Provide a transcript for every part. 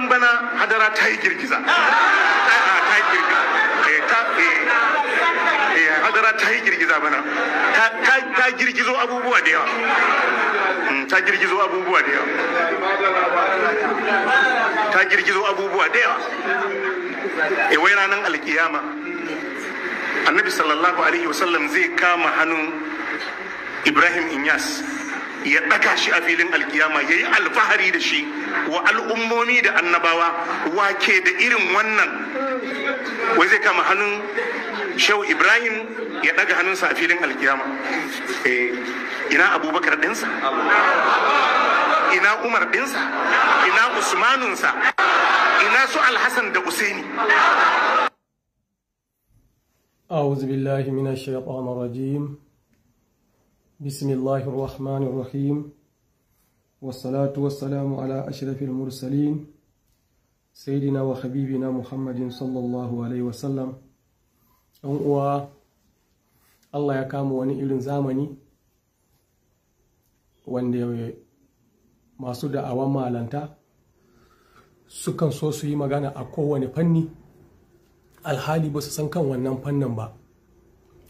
zaben bana hadara ta yi girgiza ah! Ah, ta yi girgiza eh, eh, eh, hadara ta yi girgiza bana mm, ta girgizo abubuwa da yawa ta girgizo abubuwa da yawa ta girgizo abubuwa da yawa e wai ranar alkiyama annabi sallallahu alaihi wasallam zai kama hannun ibrahim inyas ya ɗaga shi a filin alkiyama ya yi alfahari da shi wa al'ummomi da annabawa wake da irin wannan wai zai kama hannun shehu ibrahim ya ɗaga hannunsa a filin alkiyama eh, ina abubakar ɗinsa ina umar ɗinsa ina usmanunsa ina su alhassan da usaini أعوذ بالله من الشيطان الرجيم بسم الله الرحمن الرحيم والصلاة والسلام على أشرف المرسلين سيدنا وحبيبنا محمد صلى الله عليه وسلم أنقوى الله يكام وني إلن زامني wanda masu da'awan malanta sukan so su yi magana a kowane fanni alhali ba su san kan wannan fannin ba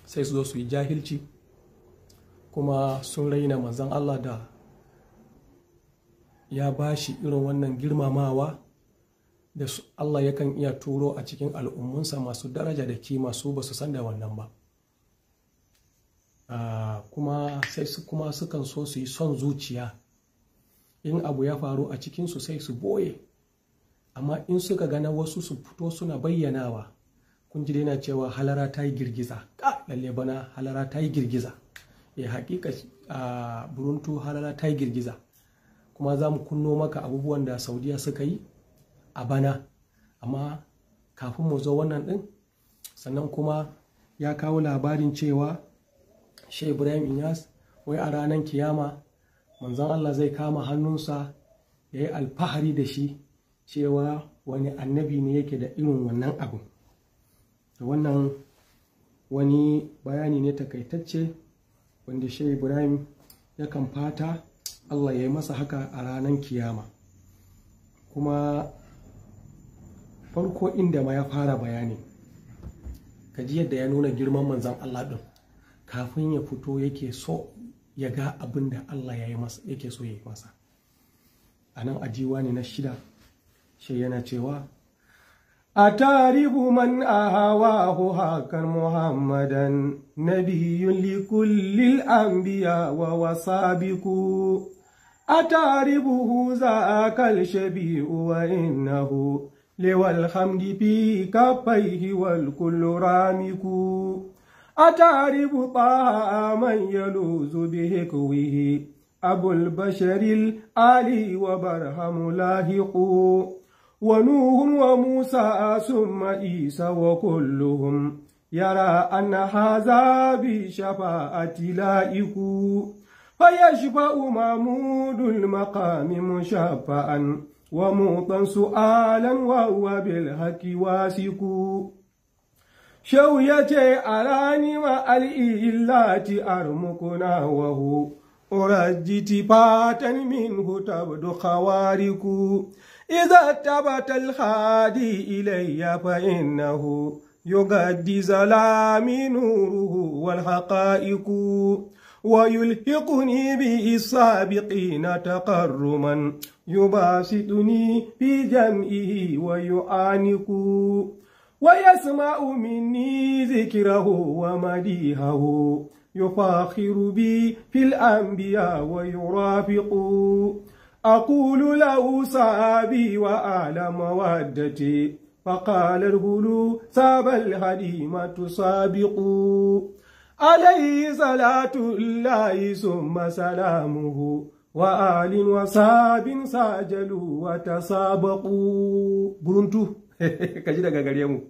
sai su zo su yi jahilci kuma sun raina manzan Allah da ya ba shi irin wannan girmamawa da Allah yakan iya turo a cikin al'ummunsa masu daraja da kima su ba su san da wannan ba ah, kuma sai su kuma sukan so su yi son zuciya in abu ya faru a cikinsu sai su boye amma in suka gana wasu su fito suna bayyanawa kun ji na cewa halara ta yi girgiza ƙa lalle bana halara ta yi girgiza ya eh, hakika a buruntu halala ta girgiza kuma za mu kunno maka abubuwan da saudiya suka yi a bana amma kafin mu zo wannan din sannan kuma ya kawo labarin cewa shi ibrahim inyas wai a ranar kiyama manzon allah zai kama hannunsa ya yi alfahari da shi cewa wani annabi ne yake da irin wannan abin wannan wani bayani ne takaitacce wanda shi ibrahim yakan fata allah ya yi masa haka a ranar kiyama kuma farko inda ma ya fara bayani kaji yadda ya nuna girman manzan allah ɗin kafin ya fito yake so ya ga abin da allah ya yake so ya yi masa a nan ajiwa ne na shida shi yana cewa أتعرف من أهواه هاكا محمدا نبي لكل الأنبياء ووصابك أتعرفه ذاك الشبيء وإنه لو الحمد في كفيه والكل رامك أتعرف طه من يلوز بهكوه أبو البشر الآلي وبرهم لاهقو ونوح وموسى ثم عيسى وكلهم يرى أن هذا بشفاءة لائق فيشفع محمود المقام مشفعا وموطا سؤالا وهو بالحق واثق شوية أراني التي أرمكنا وهو أرجت باتا منه تبدو خوارق إذا تبت الخادي إلي فإنه يغدي زلام نوره والحقائق ويلحقني بالسابقين تقرما يباسطني في جمعه ويعانق ويسمع مني ذكره ومديحه يفاخر بي في الأنبياء ويرافق أقول له صحابي وأعلى مودتي فقال الهلو ساب الهديمة سابقوا عليه صلاة الله ثم سلامه وآل وصاب ساجلوا وتسابقوا برنتو كجدا غاريمو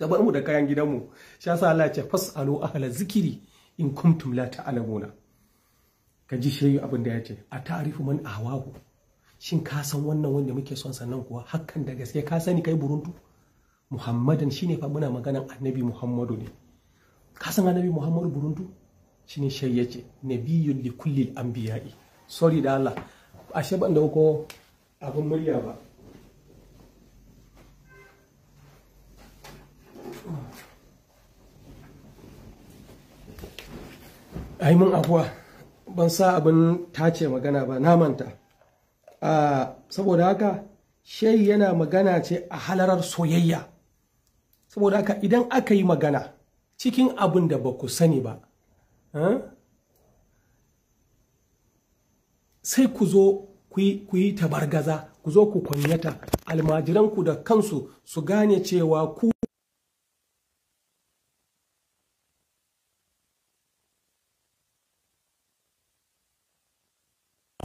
gabar mu da kayan gidanmu sha sa Allah ya ce fasalu ahla zikiri in kuntum la ka ji shehu abin da ya ce a tarifu man ahwahu shin ka san wannan wanda muke son sannan kuwa hakan da gaske ka sani kai buruntu muhammadan shine fa muna maganan annabi muhammadu ne ka san annabi muhammadu buruntu shine shehu ya ce nabiyyun li kulli anbiya'i sorry da Allah ashe ban da ko abin murya ba ai mun abuwa ban sa abin tace magana ba na manta saboda haka shai yana magana ce a halarar soyayya saboda haka idan aka yi magana cikin abin da ba ku sani ba sai ku zo ku yi tabargaza ku zo ku kwanyata almajiranku da kansu su gane cewa ku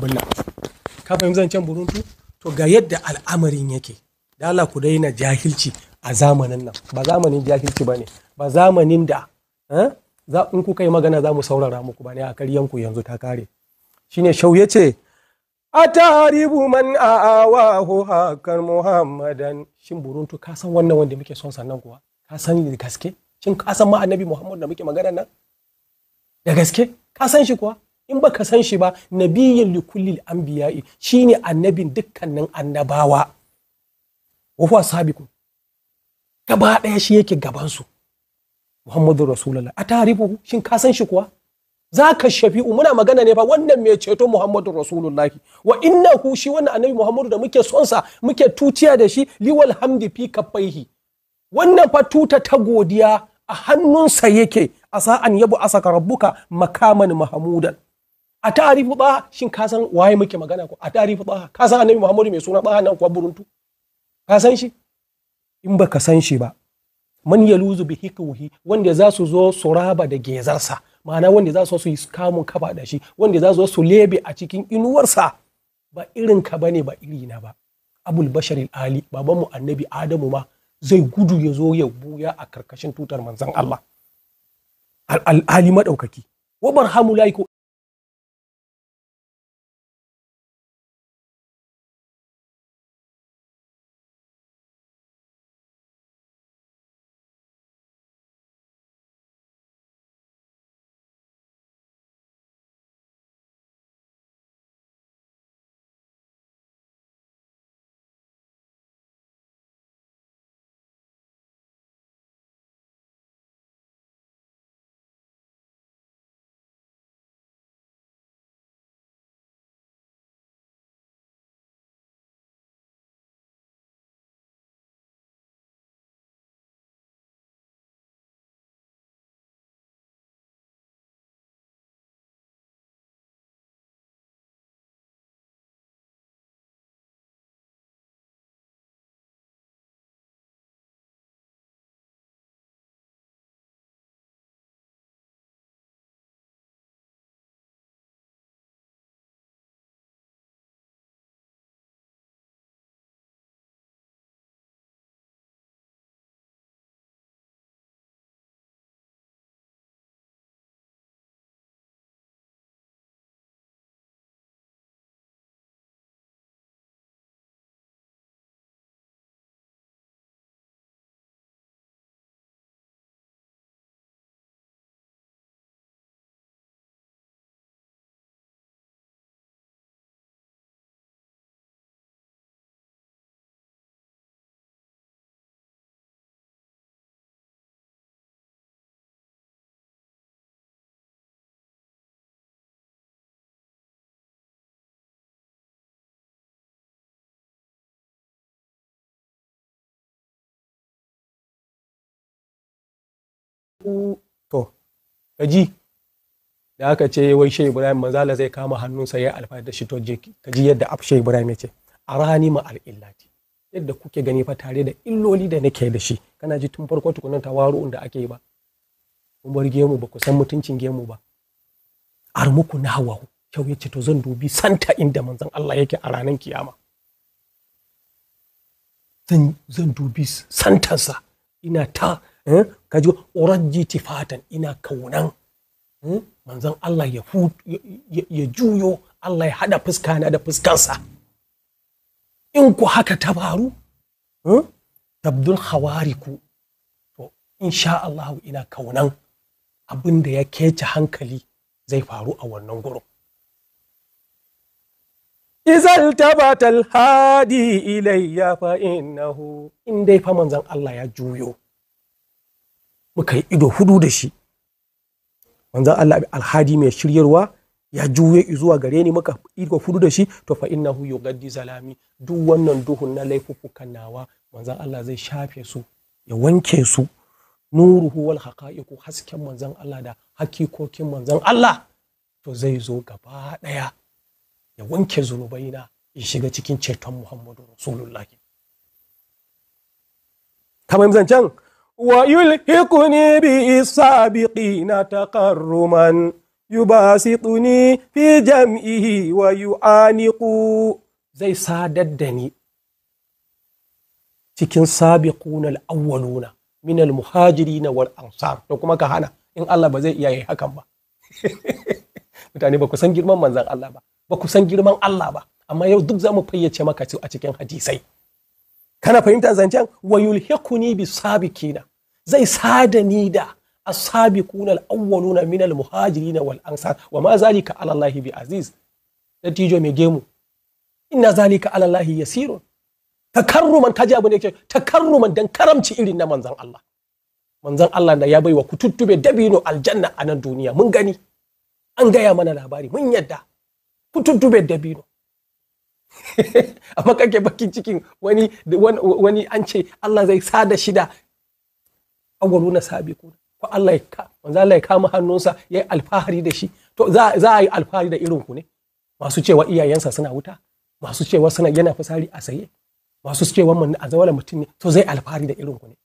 abin nan ka fahimci zancen buruntu to ga yadda al'amarin yake da Allah ku daina jahilci a zamanin nan ba zamanin jahilci ba ba zamanin da eh, in ku kai magana za mu saurara muku ba ne a ku yanzu ta kare shine shau yace ce a man a'awahu hakan muhammadan shin buruntu ka san wannan wanda muke son sannan kuwa ka san gaske shin ka san ma annabi muhammad da muke magana nan da gaske ka san shi kuwa in baka san shi ba nabiyyin li kullil anbiya'i shine annabin dukkanin annabawa wa huwa sabiqun gaba daya shi yake gabansu. su muhammadu rasulullah a shin ka san shi kuwa za ka shafi'u muna magana ne fa wannan mai ceto muhammadu rasulullahi wa innahu shi wannan annabi muhammadu da muke sonsa muke tuciya da shi liwal hamdi fi kaffaihi wannan fa tuta ta godiya a hannunsa yake a sa'an yabu asaka rabbuka makaman mahamudan a tarifu ba shin ka san waye muke magana ko a tarifu ba ka san annabi muhammadu mai suna ba nan kuwa buruntu ka san shi in baka san shi ba man yaluzu bi hikuhi wanda za su zo su raba da gezarsa ma'ana wanda za su yi kamun kaba da shi wanda za su zo su lebe a cikin inuwarsa ba irin ka bane ba iri na ba abul basharil ali baban mu annabi adamu ma zai gudu ya zo ya buya a karkashin tutar manzon Allah al'ali madaukaki wa barhamu laiku to ka ji da aka ce wai shehu ibrahim manzala zai kama hannunsa ya alfahari da shi to je ka ji yadda ab shehu ibrahim ya ce a rani ma al'illati yadda kuke gani fa tare da illoli da nake da shi kana ji tun farko tukunan in da ake yi ba kun bar gemu ba ku san mutuncin gemu ba armuku na hawahu kyau ya ce to zan dubi santa inda manzon Allah yake a ranar kiyama zan dubi santansa ina ta Eh? ka ji urajji tifatan ina kaunan eh? manzon Allah ya juyo Allah ya hada fuska na da fuskansa in ku haka ta faru eh? tabdul hawariku to insha Allah ina kaunan abin da ya kece hankali zai faru a wannan gurin Izal tabatal hadi ilayya fa innahu in dai fa manzon Allah ya juyo muka yi ido hudu da shi Wanzan Allah alhadi mai shiryarwa ya juye zuwa gare ni muka ido hudu da shi to fa hu yugaddi zalami duk wannan duhun na laifuffukan nawa Wanzan Allah zai shafe su ya wanke su nuruhu wal haqa'iqu hasken manzon Allah da hakikokin manzon Allah to zai zo gaba daya ya wanke zunubaina in shiga cikin ceton Muhammadu Rasulullahi kamar can. ويلحقني بالسابقين تقرما يباسطني في جمعه ويعانق زي ni cikin sabiquna al-awwaluna min al-muhajirin wal ansar to kuma ka hana in Allah ba zai iya yi hakan ba mutane ba ku san girman manzon Allah ba ba ku san girman Allah ba amma yau duk zamu fayyace maka a cikin hadisai kana fahimta zancen wa yulhiquni bi sabiqina zai sada ni da as-sabiquna al-awwaluna min al wal ansar wa ma zalika ala alalahi bi aziz dattijo mai gemu inna zalika ala Allah yasirun takarruman kaji abu ne yake takarruman dan karamci irin na manzon Allah manzon Allah da ya bai wa kututtube dabino aljanna a nan duniya mun gani an gaya mana labari mun yadda kututtube dabino amma kake bakin cikin wani wani an ce Allah zai sa da shida awwaluna sabiquna ko Allah ya manzo Allah ya kama hannunsa ya yi alfahari da shi to za a yi alfahari da irin ku ne masu cewa iyayensa suna wuta masu cewa suna yana fasari a saye masu cewa mun azawala mutum ne to zai alfahari da irin ku ne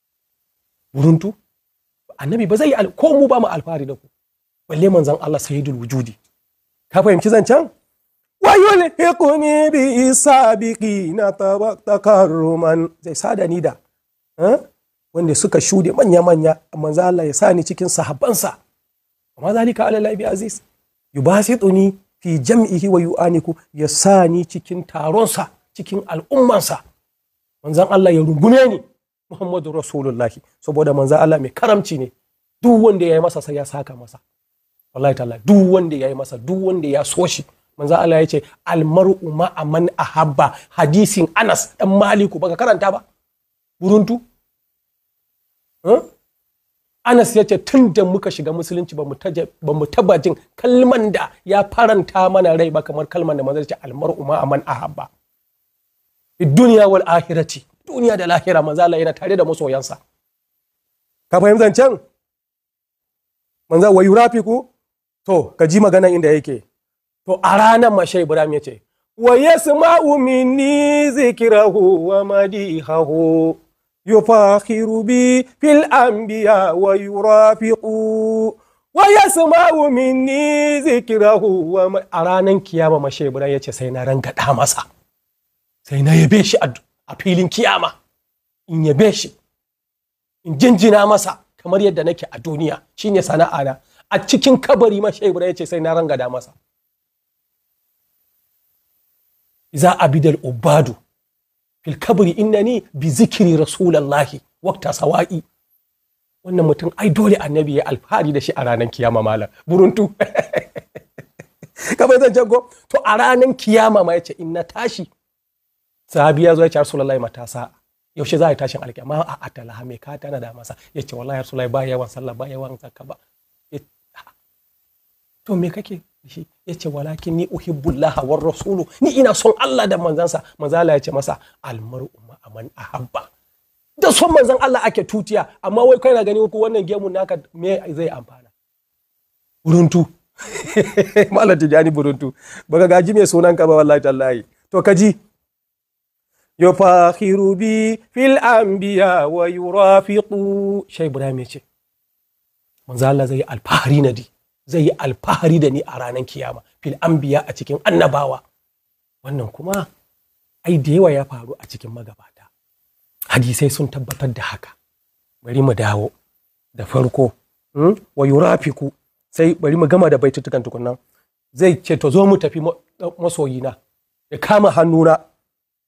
buruntu annabi ba zai ko mu ba mu alfahari da ku balle manzon Allah sayyidul wujudi ka fahimci zancen ويلحقني بسابقين تكرما sa da ni da eh, wanda suka shude manya manya manza Allah ya sa ni cikin sahabbansa amma zalika ala labi aziz yubasituni fi jam'ihi wa yu'aniku ya sa ni cikin taronsa cikin al'ummansa manzan Allah ya rungume ni Muhammadu Rasulullahi saboda manza Allah mai karamci ne duk wanda ya yi masa sai ya saka masa wallahi ta'ala duk wanda ya yi masa duk wanda ya so shi manzo Allah ya ce almar'u ma man ahabba hadisin Anas dan Maliku baka karanta ba buruntu Anas ya ce tun da muka shiga musulunci ba mu taba jin kalman da ya faranta mana rai ba kamar kalman da manzo ya ce almar'u ma man ahabba duniya wal akhirati duniya da lahira manzo Allah yana tare da masoyansa ka fahimta can? manzo wa yurafiku to ka ji maganan inda yake to a ranar mashe ibrahim ya ce wa yasma'u minni zikirahu wa madihahu yufakhiru bi fil anbiya wa yurafiqu wa yasma'u minni zikirahu wa a ranar kiyama mashe ibrahim ya ce sai na rangada masa sai na yabe shi a filin kiyama in yabe shi in jinjina masa kamar yadda nake a duniya shine sana'a na a cikin kabari mashe ibrahim ya ce sai na rangada masa za a bi ubadu fil kabri innani bi zikiri rasulallahi wakta sawa'i wannan mutum ai dole annabi ya alfahari da shi a ranar kiyama malam buruntu kamar zan jago to a ranar kiyama ma yace in na tashi sahabi ya zo ya ce rasulullahi matasa yaushe za a yi tashin alkiyama a atalaha mai ka tana da masa ya ce wallahi rasulullahi ba yawan sallah ba yawan zakka ba to me kake shi ce walakin ni uhibbullaha war rasulu ni ina son Allah da manzansa manzala ya ce masa almar'u ma ahabba da son manzan Allah ake tutiya amma wai kai na gani ko wannan gemun naka me zai amfana buruntu malam tijani buruntu baka gaji mai sunan ka ba wallahi tallahi to kaji yufakhiru bi fil anbiya wa yurafiqu shay ibrahim ya ce manzala zai alfahari nadi zai yi alfahari da ni a ranar kiyama fil anbiya a cikin annabawa wannan kuma ai da yawa ya faru a cikin magabata hadisai sun tabbatar da haka bari mu dawo da farko hmm? wa yurafiku sai bari mu gama da baitutukan tukunan zai ce to zo mu tafi masoyina ya kama hannuna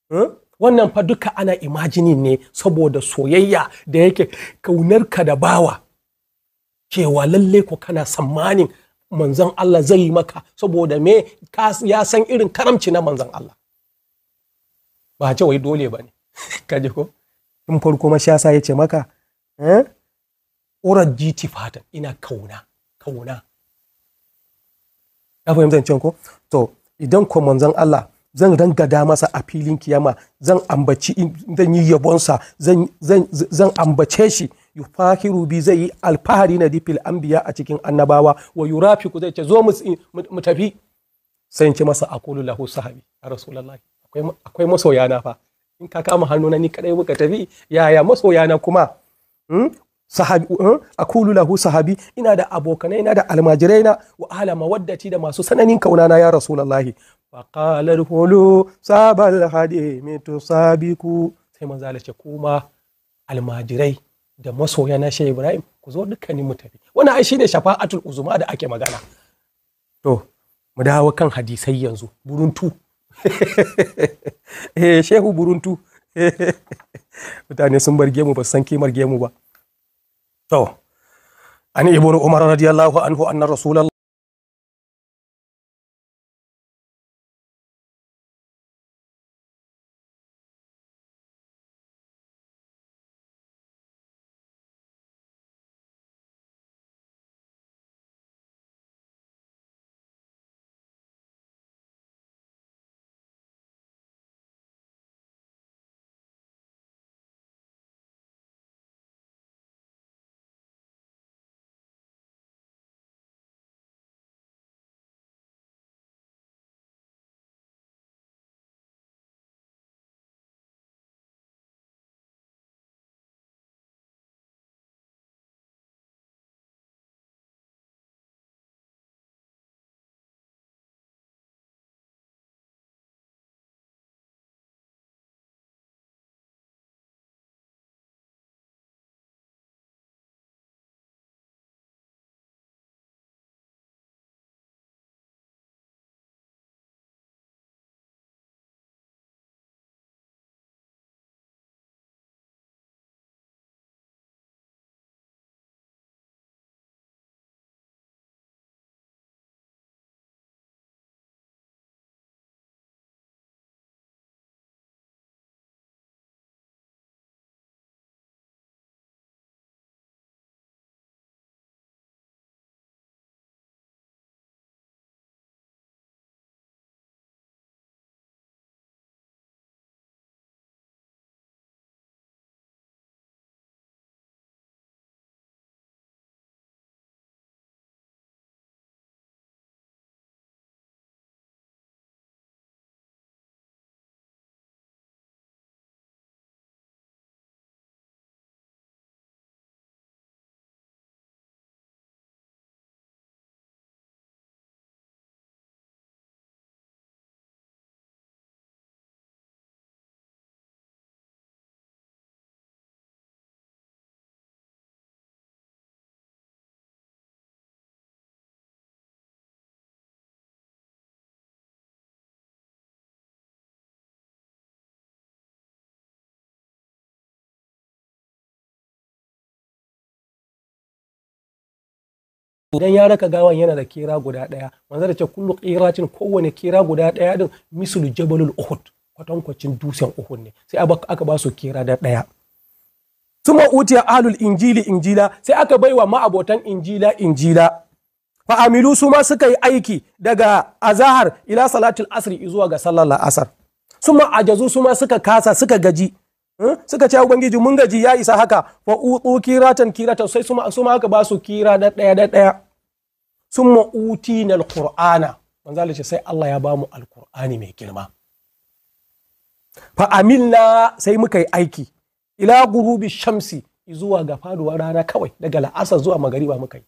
hmm? wannan fa duka ana imajinin ne saboda soyayya da yake kaunarka da bawa cewa lalle ko kana tsammanin manzon Allah zai yi maka saboda me ya san irin karamci na manzon Allah ba ce wai dole ba ne kaje ko in farko mashasa ya ce maka eh? urar jiti fatan ina kauna kauna ya fahimta zancen ko to idan ko manzon Allah zan rangada masa a filin kiyama zan ambaci zan yi yabonsa zan ambace shi yufakiru bi zai yi alfahari na difil anbiya a cikin annabawa wa yurafiku zai ce zo mu tafi sai in ce masa aqulu lahu sahabi a rasulullahi akwai masoya na fa in ka kama hannu na ni kadai muka tafi yaya na kuma hmm? sahabi hmm? aqulu lahu sahabi ina da abokanai ina da almajirai na wa ahla mawaddati da masu sananin na ya rasulullahi fa qala hulu sabal hadimi tusabiku sai manzo ce kuma almajirai da masoya na shi ibrahim ku zo dukkanin mu tafi wannan ai shine shafa'atul uzuma da ake magana to mu dawo kan hadisai yanzu buruntu eh shehu buruntu mutane sun bar gemu ba san kimar gemu ba to an ibnu umar radiyallahu anhu anna rasulullah idan ya raka gawan yana da kera guda daya manzo da ce kullu cin kowane kera guda daya din mislu jabalul uhud kwatankwacin dutsen uhud ne sai aka ba su kera da daya suma utiya ahlul injili injila sai aka baiwa ma'abotan injila injila fa amilu su suka yi aiki daga azahar ila salatul asri zuwa ga sallar la'asar. suma ajazu suma suka kasa suka gaji Eh? suka ce ubangiji mun gaji ya isa haka fa utu kiratan kiratan sai su ma aka ba su kira da daya da daya summa utina alqur'ana manzo Allah ce sai Allah ya ba mu alqur'ani mai girma fa amilna sai muka yi aiki ila gurubi shamsi zuwa ga faduwar rana kawai daga la'asa zuwa magariba muka yi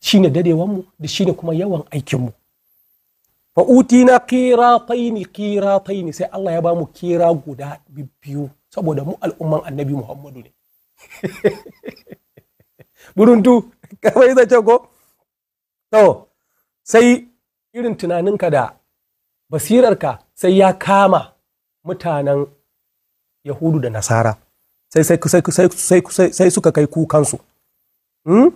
shine dadewan mu da shine kuma yawan aikin mu fa utina qirataini qirataini sai Allah ya ba mu kira guda biyu saboda mu al'umman annabi Muhammadu ne buruntu kawai yi zace ko to sai irin tunaninka da basirarka sai ya kama mutanen yahudu da nasara sai suka kai kukansu hmm?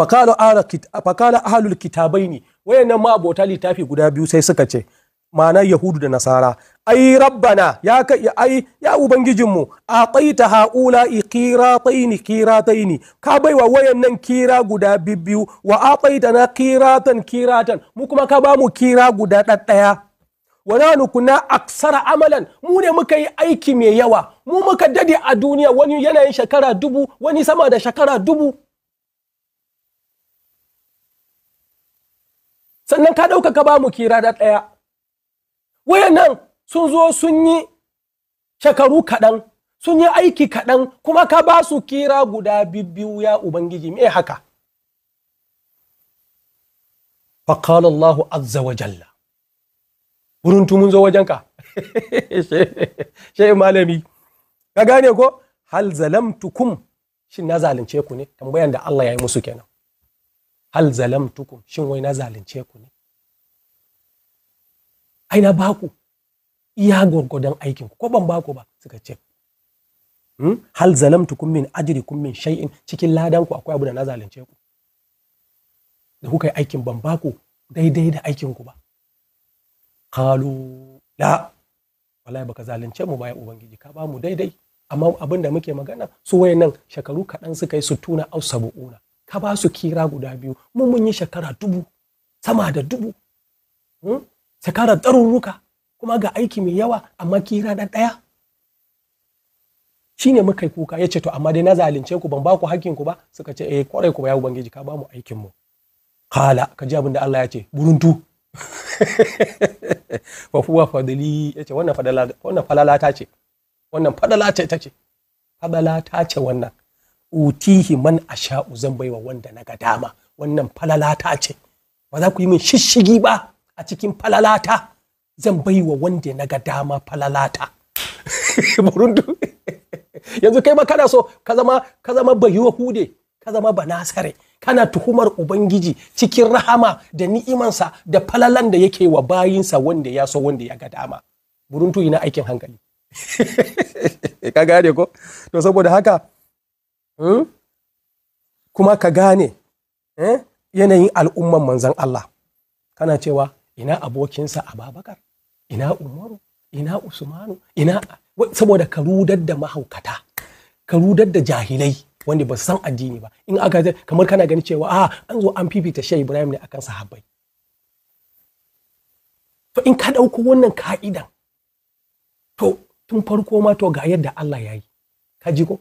fakala ahalul kitabai ne wayannan ma abota littafi guda biyu sai suka ce ma'ana yahudu da nasara ai rabbana ya ka ai ya ubangijinmu a taita haula kira taini ka baiwa wayannan kira guda biyu wa a taita na kiratan kiratan mu kuma ka ba mu kira guda ɗaɗɗaya wa nanu kuna aksara amalan mu ne muka yi aiki mai yawa mu muka dade a duniya wani yanayin shekara dubu wani sama da shekara dubu sannan ka ɗauka ka ba mu kira da ɗaya wayannan sun zo sun yi shekaru kaɗan sun yi aiki kaɗan kuma ka ba su kira guda biyu ya ubangiji me haka faƙala Allah azza wa jalla wurin mun zo ka? shi malami ka gane ko hal zalamtukum shin na zalunce ku ne tambayan da Allah ya yi musu kenan hal zalamtukum shin wai na zalunce ku ne ai na baku iya gwargwadon aikin ku ko ban baku ba suka ce hmm? hal zalamtukum min kum min shay'in cikin ladan ku akwai abu da na zalunce ku da kuka yi aikin ban baku daidai da aikin ku ba qalu la wallahi baka zalunce mu baya ubangiji ka ba mu daidai amma abinda muke magana su wayannan shekaru kaɗan suka yi su tuna au sabu'una ka ba su kira guda biyu mu mun yi shekara dubu sama da dubu hmm? shekara ɗarurruka kuma ga aiki mai yawa amma kira na ɗaya Shi ne muka yi kuka ya ce to amma dai na zalunce ku ban ba ku hakkin ku ba suka ce eh kwarai ku ya ubangiji ka ba mu aikin mu kala ka ji abin da Allah ya ce buruntu wa huwa fadli ya ce wannan fadala ta ce wannan fadala ta ce fadala ta ce wannan utihi man a sha'u zan baiwa wanda na ga dama wannan falalata ce ba za ku yi min shishigi ba a cikin falalata zan baiwa wanda na ga dama falalata burundu yanzu kai ma kana so ka zama ka zama hude ka zama banasare kana tuhumar ubangiji cikin rahama da ni'imansa da falalan da yake wa bayinsa wanda ya so wanda ya ga dama buruntu ina aikin hankali ka gane ko to saboda haka Hmm? kuma ka gane eh, yanayin al'umman manzan Allah kana cewa ina abokinsa a babakar ina umaru ina usmanu ina saboda ka rudar da mahaukata ka rudar da jahilai wanda ba san addini ba in aka kamar kana gani cewa a ah, an zo an fifita shai ibrahim ne a kan sahabbai to in ka ɗauko wannan ka'idan to tun farko ma to ga yadda Allah ya yi ka ji ko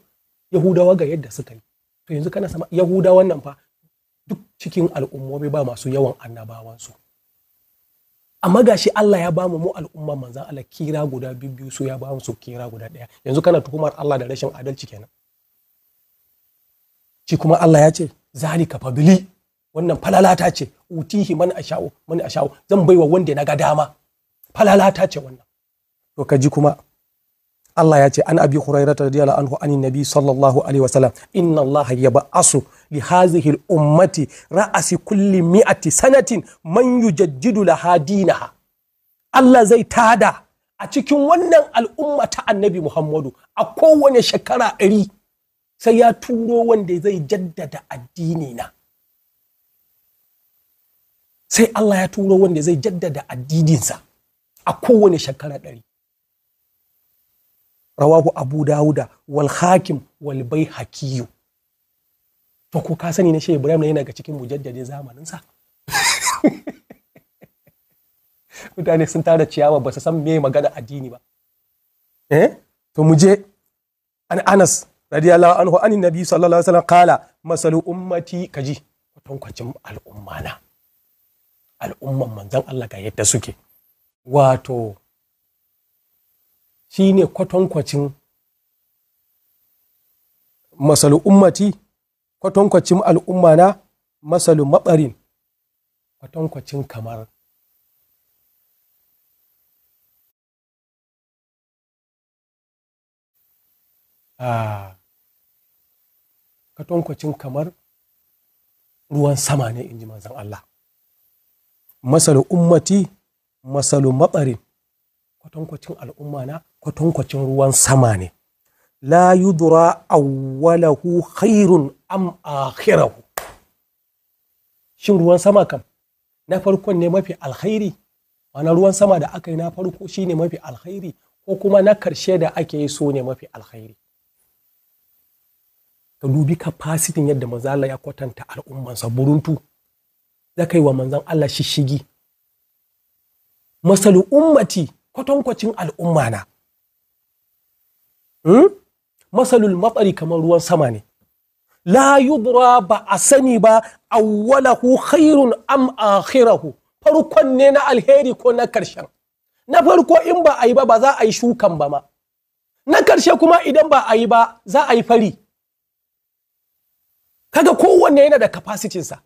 yahudawa ga yadda suka yi to yanzu kana sama Yahuda nan fa duk cikin al'ummomi ba masu yawan annabawansu amma gashi Allah ya bamu mu al'umma manzan Allah kira guda biyu su ya bamu su kira guda ɗaya yanzu kana tuhumar Allah da rashin adalci kenan shi kuma Allah ya ce zalika fadli wannan falalata ce utihi man asha'u man asha'u zan baiwa wanda na ga dama falalata ce wannan to ka ji kuma Allah ya ce an abi hurairah radiyallahu anhu na nabi sallallahu alaihi wasallam inna Allah yab'asu li hadhihi ummati ra'asi kulli mi'ati sanatin man yujaddidu laha dinaha Allah zai tada a cikin wannan al'umma ta annabi Muhammadu a kowane shekara ɗari sai ya turo wanda zai jaddada addini sai Allah ya turo wanda zai jaddada addininsa a kowane shekara ɗari رواه abu dawuda wal والبيهقي wal bai hakiyu to ko ka sani na shehu ibrahim yana cikin mujaddadin sa? mutane sun tara ciyawa ba su san me magana addini ba eh to muje je an anas radiyallahu anhu an nabi sallallahu alaihi wasallam qala masalu ummati kaji tankwacin al'umma na al'umman manzon Allah ga yadda suke wato Shi ne kwatankwacin masalu ummati kwatankwacin al'umma na masalu maɓarin kwatankwacin kamar a ah, kwatankwacin kamar ruwan sama ne in ji manzan Allah masalu ummati masalu maɓarin kwatankwacin al'umma na kwatankwacin ruwan sama ne la yudra awwalahu khairun am akhirahu shin ruwan sama kam na farkon ne mafi alkhairi ma'ana ruwan sama da aka yi na farko shi ne mafi alkhairi ko kuma na karshe da ake yi so ne mafi alkhairi ka dubi kafasitin yadda manzo ya kwatanta al'ummansa buruntu Zaka ka yi wa manzon Allah shishigi masalu ummati kwatankwacin al'umma na hmm? masalul matsari kamar ruwan sama ne la yudra ba a sani ba awwalahu khairun am akhirahu farkon ne na alheri ko na karshen na farko in ba a yi ba ba za a yi shukan ba ma na karshe kuma idan ba a yi ba za a yi fari kaga kowanne yana da kapasitinsa.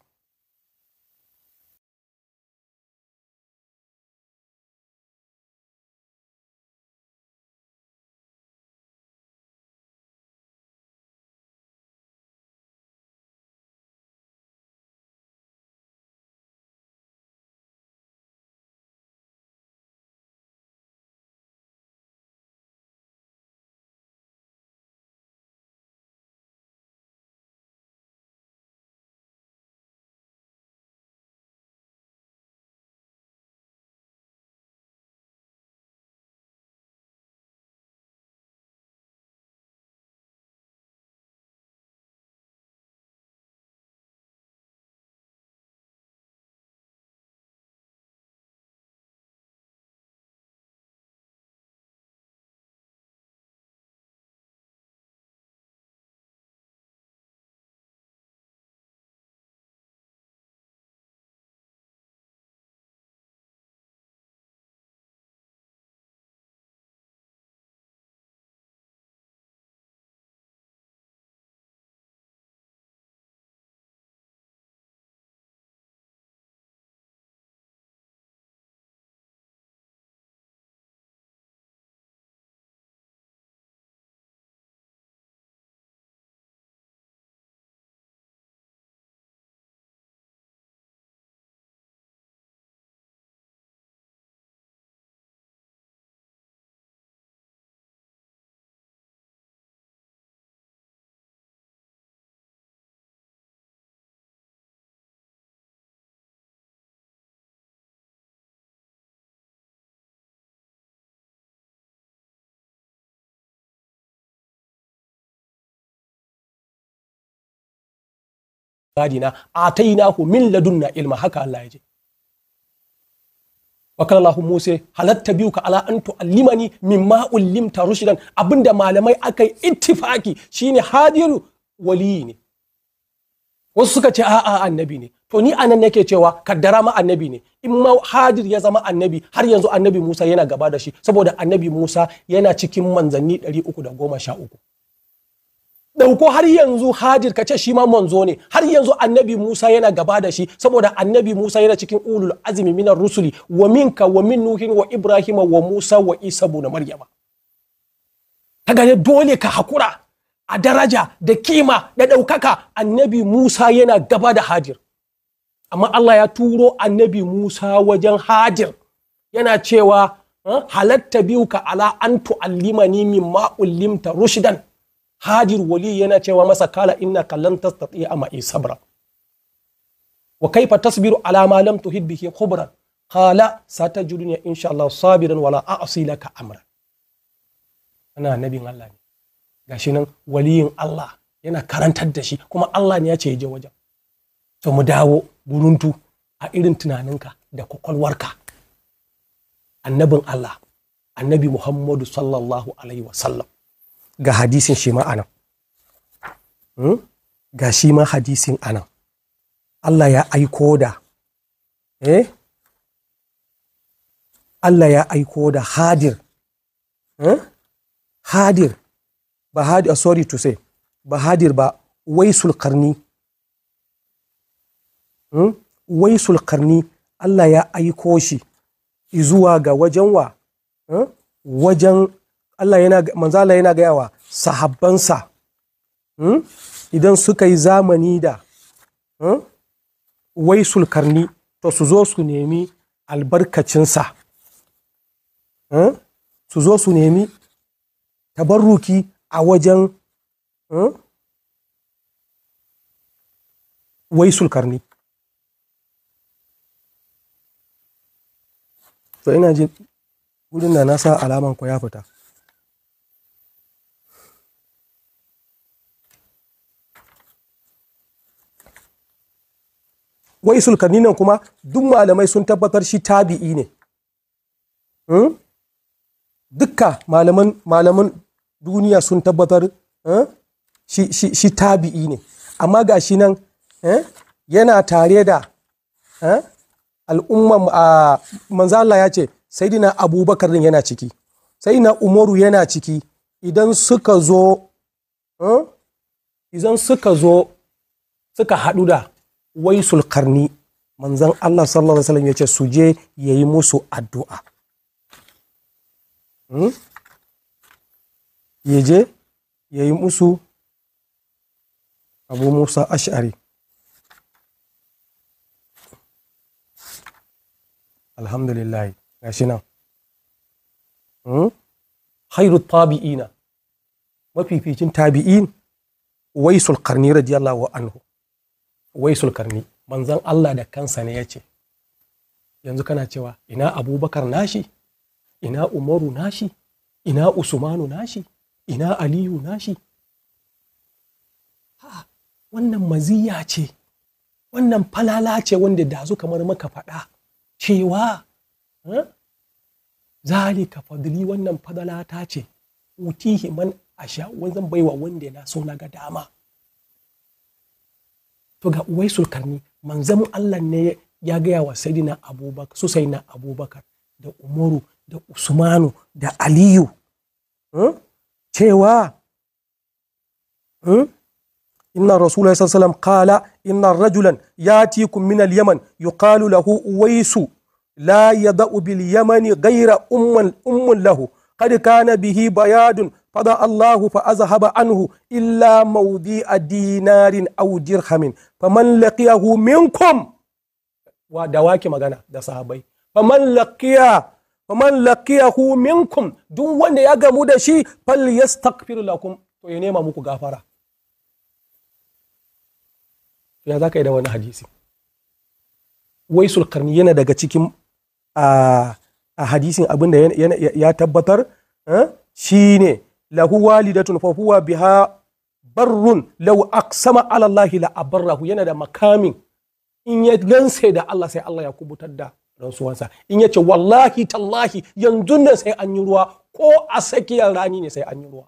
gadina atainahu min ladunna ilma haka Allah ya wa kana Allah Musa halatta biyu ka ala an tu'allimani mimma ullimta rushdan abinda malamai aka ittifaki shine hadiru waliyi ne wasu suka ce a'a annabi ne to ni anan nake cewa kaddara ma annabi ne in ma hadir ya zama annabi har yanzu annabi Musa yana gaba da shi saboda annabi Musa yana cikin manzanni 313 dauko har yanzu hajir kace shi ma manzo ne har yanzu annabi Musa yana gaba da shi saboda annabi Musa yana cikin ulul azmi minar rusuli wa minka wa min nuhin wa ibrahim wa Musa wa Isa na Maryama kaga dole ka hakura a daraja da kima da daukaka annabi Musa yana gaba da hajir amma Allah ya turo annabi Musa wajen hajir yana cewa halatta biyu ka ala an tu'allimani mimma ullimta rushdan hajir wali yana cewa masa kala inna kallan tastati ma'i sabra wa kaifa tasbiru ala ma lam tuhid bihi khubran qala satajiduni insha Allah sabiran wala a'si laka amra ana nabin Allah ne gashi nan waliyin Allah yana karantar da shi kuma Allah ne ya ce je wajen to mu dawo buruntu a irin tunaninka da kwakwalwarka annabin Allah annabi Muhammadu sallallahu alaihi wasallam ga hadisin shi ma'ana. Hmm? ga shi ma hadisin anan Allah ya aiko da eh Allah ya aiko da hadir eh? hadir ba hadir oh, sorry to say ba hadir ba waisul karni hmm? waisul karni Allah ya aiko shi zuwa ga wajen wa eh? wajen Allah yana manzo Allah yana gaya wa sahabbansa hmm? idan suka yi zamani da hmm? wai karni to su zo su nemi albarkacinsa hmm? su zo su nemi tabarruki a wajen hmm? wai sulkarni to ina ji gudun da na sa alaman ku ya fita wai sulkani nan kuma duk malamai sun tabbatar shi tabi'i ne hmm? dukka malaman malaman duniya sun tabbatar hmm? shi tabi'i ne amma ga shi nan hmm? yana tare da al'umman manzala ya ce saidina abubakar din yana ciki na umaru yana ciki idan suka zo idan suka zo suka haɗu da waisul karni manzan Allah sallallahu alaihi wasallam ya ce su je ya yi musu addu'a hmm? ya je ya yi musu abu musa ash'ari alhamdulillah shi nan hmm? Hairu tabi'ina mafificin tabi'in waisul karni radiyallahu anhu waisul karni manzan Allah da kansa ne ya ce yanzu kana cewa ina abubakar nashi ina umaru nashi ina usmanu nashi ina aliyu nashi ha wannan maziya ce wannan falala ce wanda dazu kamar maka faɗa cewa hm, zalika fadli wannan fadala ta ce utihi man asha zan baiwa wanda na so na ga dama to ga uwaisul karni manzan Allah ne ya gaya wa sayyidina abubakar su sayyidina abubakar da umaru da usmanu da aliyu hmm? cewa hmm? inna rasulullahi sallallahu alaihi qala inna rajulan yatikum min al-yaman yuqalu lahu uwaisu la yada'u bil yamani ghayra umman ummun lahu qad kana bihi bayadun fada Allahu fa azhaba anhu illa maudi a dinarin aw dirhamin faman laqiyahu wa da wake magana da sahabbai faman laqiya faman laqiyahu minkum duk wanda ya gamu da shi fal yastaghfir lakum to ya nema muku gafara ya zaka yi da wani hadisi waisul karni yana daga cikin a ah, ah, hadisin abinda ya tabbatar eh, shine lahu walidatun fa huwa biha barrun law aqsama ala Allah la abarrahu yana da makamin in ya gansa da Allah sai Allah ya kubutar da rantsuwansa in ya ce wallahi tallahi yanzu da sai an yi ruwa ko a sakiyar rani ne sai an yi ruwa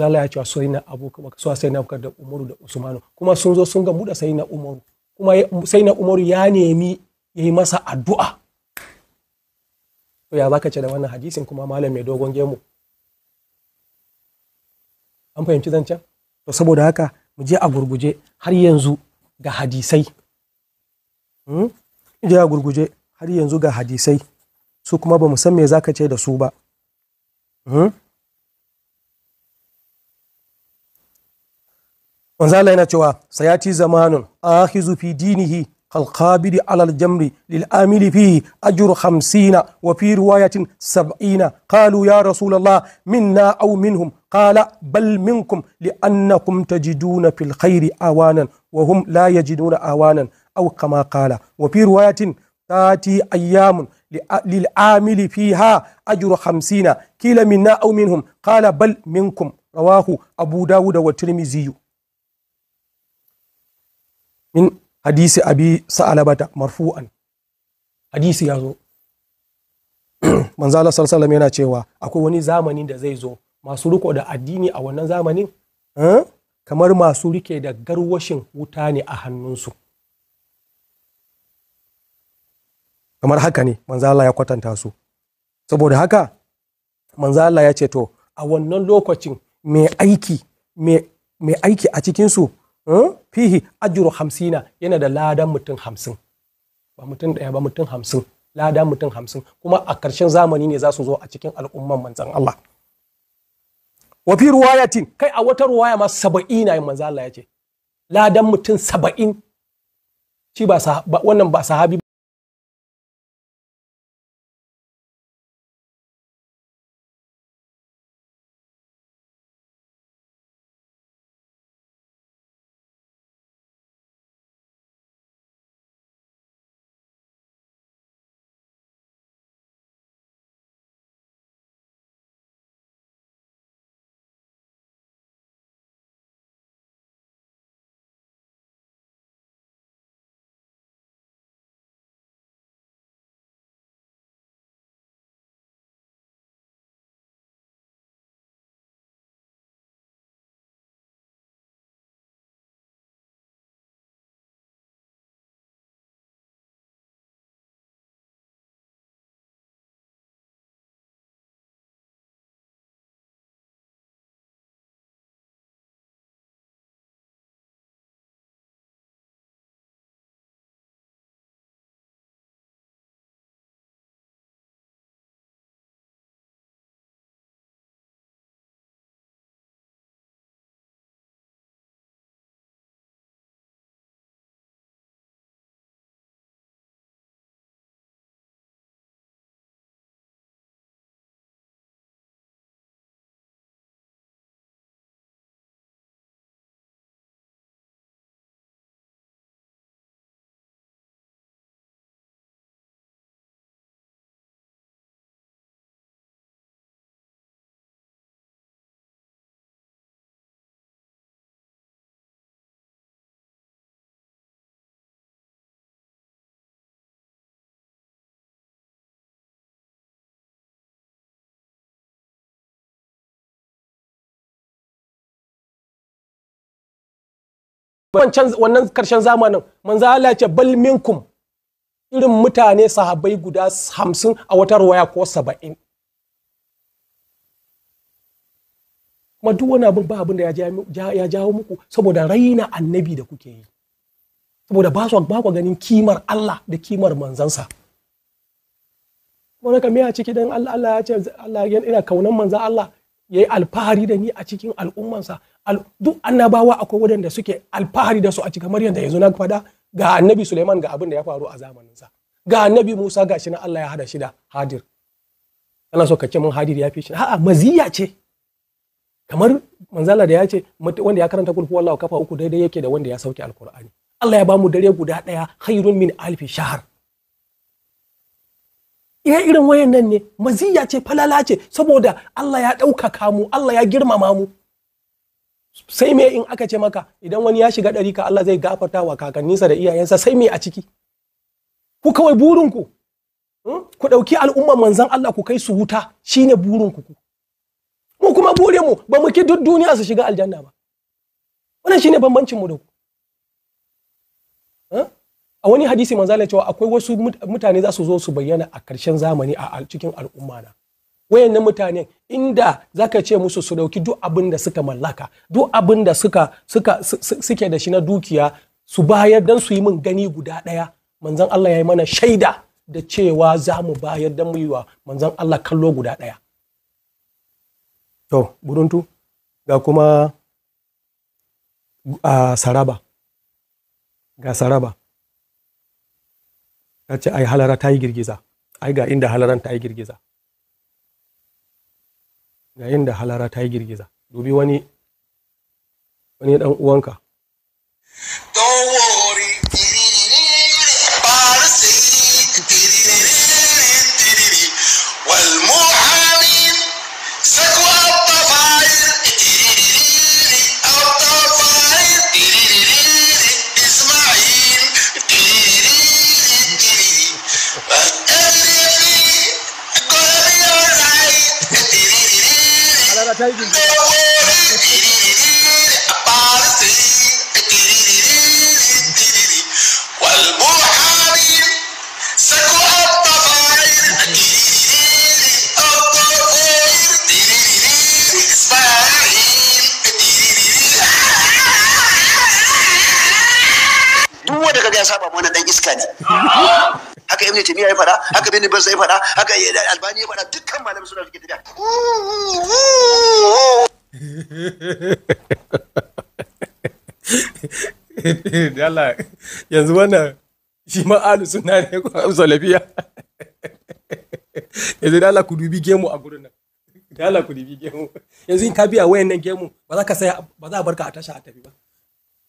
zala ya ce sai na abu so sai na abubakar da umaru da usmanu kuma sun zo sun gamu da sai na umaru kuma sai na umaru ya nemi ya yi masa addu'a to ya zaka ce da wannan hadisin kuma malam mai dogon gemu an fahimci zancen to saboda haka mu je a gurguje har yanzu ga hadisai hmm? mu je a gurguje har yanzu ga hadisai su kuma ba mu san me zaka ce da su ba Wanzala hmm? yana cewa sayati zamanun a fi dinihi القابل على الجمر للآمل فيه أجر خمسين وفي رواية سبعين قالوا يا رسول الله منا أو منهم قال بل منكم لأنكم تجدون في الخير أوانا وهم لا يجدون أوانا أو كما قال وفي رواية تاتي أيام للآمل فيها أجر خمسين كيل منا أو منهم قال بل منكم رواه أبو داود والترمذي من hadisi abi sa'alabata marfu'an hadisi ya zo manzala sallallahu yana cewa akwai wani zamani da zai zo masu riko da addini a wannan zamanin eh, kamar masu rike da garwashin wuta ne a hannunsu kamar haka ne manzala ya kwatanta su saboda haka manzala ya ce to a wannan lokacin mai aiki mai aiki a cikinsu eh, fihi ajiru hamsina yana da ladan mutum hamsin ba mutum ɗaya ba mutum hamsin lada mutum hamsin kuma a ƙarshen zamani ne za su zo a cikin al'umman manzan Allah wa fi ruwayatin kai a wata ruwaya ma saba'in na manzan Allah ya ce ladan mutum saba'in shi ba wannan ba sahabi wancan wannan karshen zamanin manzo Allah ce bal minkum irin mutane sahabbai guda hamsin a wata ruwaya ko saba'in kuma duk wani abin ba abin da ya jawo muku saboda raina annabi da kuke yi saboda ba su ba ganin kimar Allah da kimar manzansa me a ciki dan Allah Allah ya ce Allah ina kaunan manzo Allah ya yi alfahari da ni a cikin al'ummansa duk annabawa akwai waɗanda suke alfahari da su a cikin da yanzu na fada ga annabi suleiman ga abin da ya faru a zamaninsa ga annabi musa ga shi na allah ya hada shi da hadir kana so ka ce mun hadir ya fi shi a'a maziya ce kamar manzala da ya ce wanda ya karanta kulhu wallahu kafa uku daidai yake da wanda ya sauke alkur'ani allah ya bamu dare guda daya hairun min alfi shahar iya irin wayan nan ne maziya ce falala ce saboda Allah ya ɗaukaka mu Allah ya girmama mu sai me in aka ce maka idan wani ya shiga ɗari ka Allah zai gafarta wa kakanninsa da iyayensa sai me a ciki ku kawai burinku hmm? ku ɗauki al'umman manzan Allah ku kai su wuta shine burinku ku mu kuma burinmu ba mu ki duk duniya su shiga aljanna ba wannan shine bambancin mu da ku a wani hadisi manzo Allah cewa akwai wasu mutane za su zo su bayyana a ƙarshen zamani a cikin al'umma na wayannan mutane inda zaka ce musu su dauki duk abin da suka mallaka duk abin da suka suka suke da shi na dukiya su bayar dan su yi min gani guda daya manzon Allah ya yi mana shaida da cewa za mu bayar dan mu yi wa manzon Allah kallo guda daya to buruntu ga kuma a ah, saraba ga saraba ya ce ai halara ta yi girgiza ai ga inda halaran ta yi girgiza ga inda halara ta yi girgiza dubi wani wani dan uwanka ta yi duk wanda kaga mana dan iska haka ibn taymiya ya fada haka ibn bas ya fada haka albani ya fada dukkan malamai suna suke tafiya Allah yanzu wannan shi ma alu suna ne ko salafiya yanzu da Allah ku dubi gemu a gurin nan da Allah ku dubi gemu yanzu in ka biya wayannan gemu ba za ka saya ba za a barka a tasha a tafi ba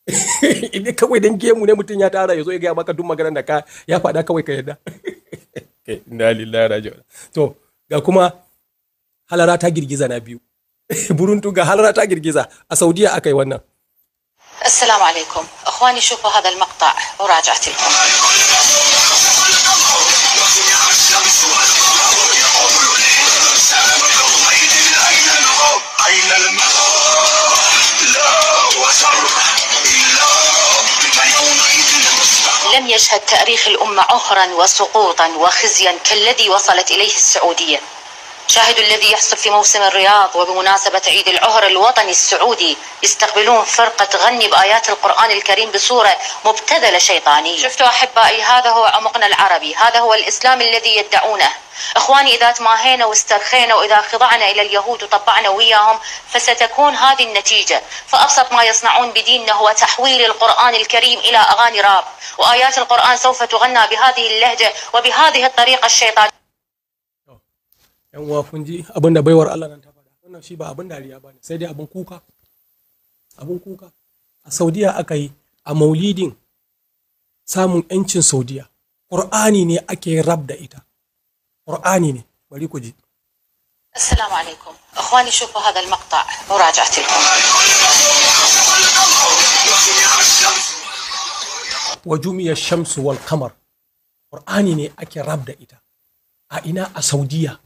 Ini kawai dan gemu ne mutum ya tara ya zo ya gaya maka duk maganar da ka ya faɗa kawai ka yadda. Inna lillahi raji'un. To ga kuma halara ta girgiza na biyu. Buruntu ga halara ta girgiza a Saudiya aka yi wannan. السلام عليكم اخواني شوفوا هذا المقطع وراجعت لكم يشهد تاريخ الأمة عهرا وسقوطا وخزيا كالذي وصلت إليه السعودية شاهدوا الذي يحصل في موسم الرياض وبمناسبة عيد العهر الوطني السعودي يستقبلون فرقة تغني بآيات القرآن الكريم بصورة مبتذلة شيطانية شفتوا أحبائي هذا هو عمقنا العربي هذا هو الإسلام الذي يدعونه إخواني إذا تماهينا واسترخينا وإذا خضعنا إلى اليهود وطبعنا وياهم فستكون هذه النتيجة فأبسط ما يصنعون بديننا هو تحويل القرآن الكريم إلى أغاني راب وآيات القرآن سوف تغنى بهذه اللهجة وبهذه الطريقة الشيطانية yan uwa kun ji abin da baiwar Allah nan ta faɗa wannan shi ba abin dariya ba ne sai dai abin kuka abin kuka a Saudiya aka yi a maulidin samun yancin Saudiya Qur'ani ne ake rab da ita Qur'ani ne bari ku ji السلام عليكم اخواني شوفوا هذا المقطع وراجعت لكم وجمع الشمس والقمر قرآني ne ake rab da ita a ina a Saudiya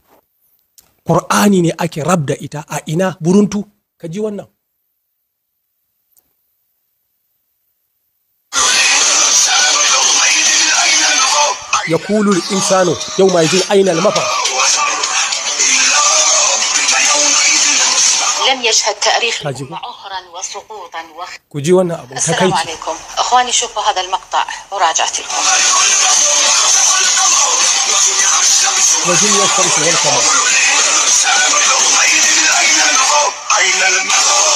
Qur'ani ne ake rabda ita a ina buruntu kaji wannan ya kulul insano yau mai jin لم يشهد تاريخ عهرا وسقوطا كجي ابو السلام عليكم اخواني شوفوا هذا المقطع وراجعتي لكم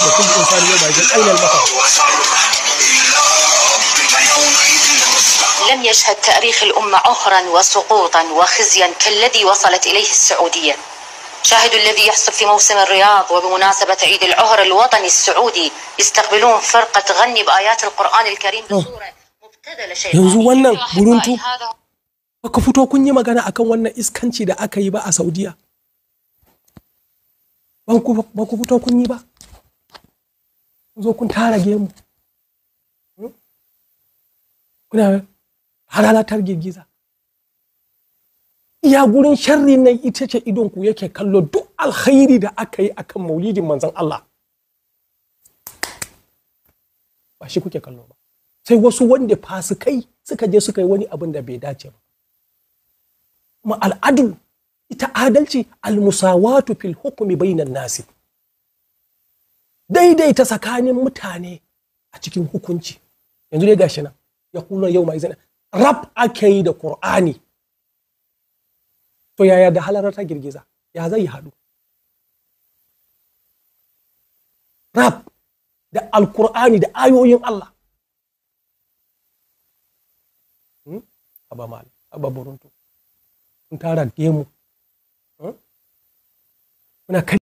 لكل انسان يوم يومئذ اين المطر؟ لم يشهد تاريخ الامه عهرا وسقوطا وخزيا كالذي وصلت اليه السعوديه. شاهدوا الذي يحصل في موسم الرياض وبمناسبة عيد العهر الوطني السعودي يستقبلون فرقة غني بآيات القرآن الكريم بصورة مبتذلة شيء يوزو fito kun yi magana akan wannan iskanci da aka yi ba a saudiya ba ku fito kun zo kun tara gemu hmm? kuna halalatar girgiza iya gurin sharri nan ita ce idon ku yake kallo duk alkhairi da aka yi akan maulidin manzon Allah ba shi kuke kallo ba sai wasu wanda fasikai suka je suka yi wani abin da bai dace ba ma al'adu ita adalci al-musawatu fil hukmi bainan nasi daidaita tsakanin mutane a cikin hukunci yanzu dai gashi nan ya kula yau mai zana rab ake yi da qur'ani to yaya da halarar ta girgiza ya zai haɗu rab da alkur'ani da ayoyin Allah hmm? abamal ababuruntu kun tara gemu hmm? kai